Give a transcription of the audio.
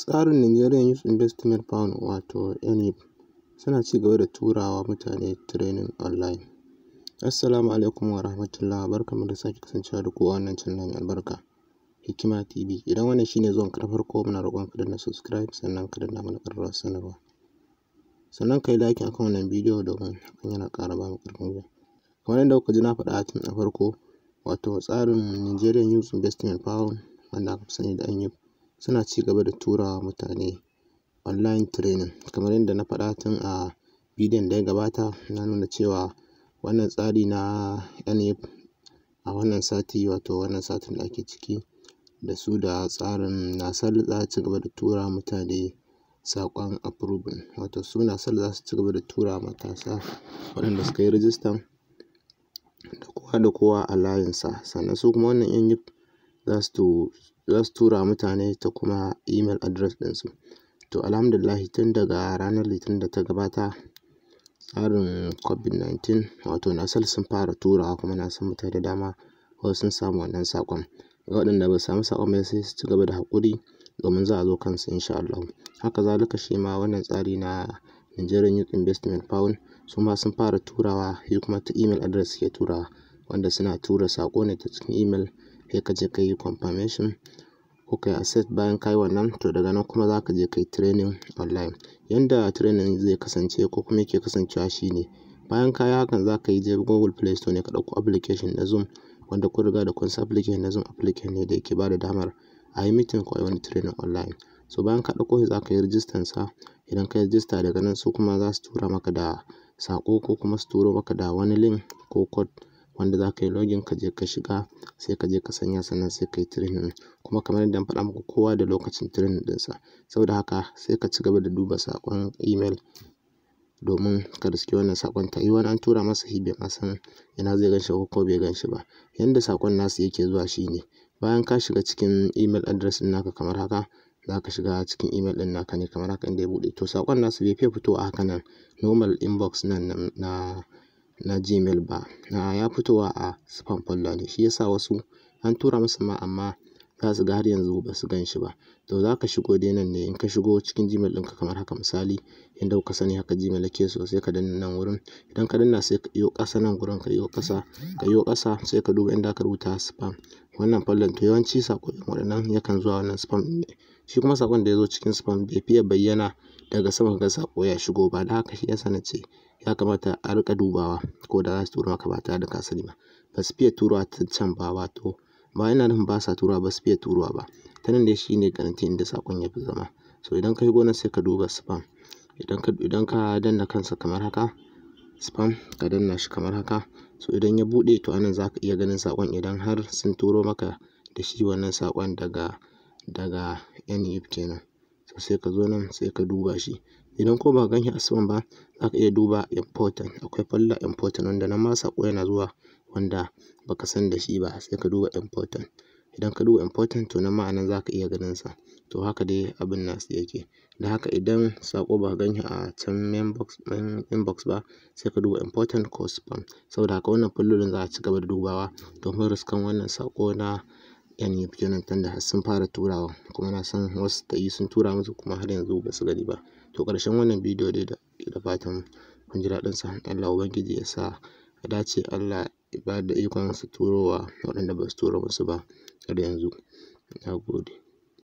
Tsarin Nigerian Youth Investment Fund wato NYIF suna ci gaba da turawa mutane training online. Assalamu alaikum wa rahmatullah barkamu da sake kasancewa da ku a wannan channel mai albarka Hikima TV. Idan wannan shine zuwan ka na farko muna roƙon ka danna subscribe sannan ka danna mana ƙararrawar sanarwa. Sannan ka yi like akan wannan bidiyo domin hakan yana ƙara ba mu ƙarfin gwiwa. Kamar yadda kuka ji na faɗa a tun farko wato tsarin Nigerian Youth Investment Fund wanda aka fi sani da NYIF suna ci gaba da tura mutane online training kamar yadda na faɗa tun a bidiyon da ya gabata na nuna cewa wannan tsari na NAF a wannan sati wato wannan satin da ake ciki da su da tsarin nasal za su ci gaba da tura mutane saƙon approving wato su nasal za su ci gaba da tura matasa waɗanda suka yi rijistan da kowa da kowa a layinsa sannan su kuma wannan yan za su za su tura wa mutane ta kuma email address ɗinsu. To alhamdulillahi tun daga ranar Litinin da ta gabata tsarin COVID-19 wato Nasal sun fara turawa kuma na san mutane da dama wasu sun samu wannan sakon ga Waɗanda ba su samu saƙon ba sai su ci gaba da haƙuri domin za a zo kansu insha Allahu. Haka zalika shi ma wannan tsari na Nigerian Youth Investment Fund su ma sun fara turawa shi kuma ta email address suke turawa wanda suna tura saƙo ne ta cikin email. sai ka je ka yi confirmation ko ka yi accept bayan ka yi wannan to daga nan kuma za ka je ka yi training online yanda training zai kasance ko kuma yake kasancewa shine bayan ka yi hakan za ka yi je google play store ne ka ɗauko application na zoom wanda kun riga da kun san application na zoom application ne da yake ba da damar a yi meeting ko a yi wani training online so bayan ka ɗauko za ka yi rijistan sa idan ka yi rijista daga nan su kuma za su tura maka da saƙo ko kuma su turo maka da wani link ko code wanda za ka yi login ka je ka shiga sai ka je ka sanya sannan sai ka yi training kuma kamar yadda na faɗa muku kowa da lokacin training ɗinsa saboda haka sai ka ci gaba da duba saƙon email domin ka riski wannan saƙon ta yi wani an tura masa shi bai ma san ina zai ganshi ko ko bai ganshi ba yanda saƙon nasu yake zuwa shi ne bayan ka shiga cikin email address ɗin naka kamar haka za ka shiga cikin email ɗin naka ne kamar haka inda ya buɗe to saƙon nasu bai fiye fitowa haka nan normal inbox nan na na Gmail ba. na'a ya fitowa a spam folder ne. Shi yasa wasu an tura masa ma amma za su ga har yanzu ba su gan shi ba. To za ka shigo dai nan ne in ka shigo cikin Gmail ɗinka kamar haka misali inda ka sani haka Gmail yake so sai ka danna nan wurin. Idan ka danna sai ka yo ƙasa nan wurin ka yo ƙasa, ka yo ƙasa sai ka duba inda ka rubuta spam. Wannan folder to yawanci saƙon waɗannan yakan zuwa wannan spam ɗin ne. Shi kuma saƙon da ya zo cikin spam bai fiye bayyana daga sama ka ga sako ya shigo ba. Don haka shi yasa na ce. ya kamata a riƙa dubawa ko da za su turawa maka ba tare da ka sani ba ba su fiye turawa ta can ba wato ba yana nufin ba sa turawa ba su fiye turawa ba ta nan dai shi ne garanti inda saƙon ya fi zama so idan ka yi gona sai ka duba spam idan ka danna kansa kamar haka spam ka danna shi kamar haka so idan ya buɗe to anan za ka iya ganin saƙon idan har sun turo maka da shi wannan saƙon daga daga yi e kenan sai ka zo nan sai ka duba shi Idan ko ba ka gan shi a saman ba za ka iya duba important akwai falla important wanda nan ma saƙo yana zuwa wanda ba ka san da shi ba sai ka duba important. Idan ka duba important to nan ma a nan za ka iya ganin sa To haka dai abin nasu yake. da haka idan saƙo ba ka gan shi a can main box, ba sai ka duba important ko spam. Saboda haka wannan fullolin za a ci gaba da dubawa domin riskan wannan saƙo na. yani kyonantan da sun fara turawa kuma na san wasu yi sun tura musu kuma har yanzu ba su gani ba to ƙarshen wannan bidiyo dai da fatan kun ji daɗin sa Allah ubangiji ya sa a dace Allah ya ba da ikon su turowa waɗanda ba su turo musu ba har yanzu na gode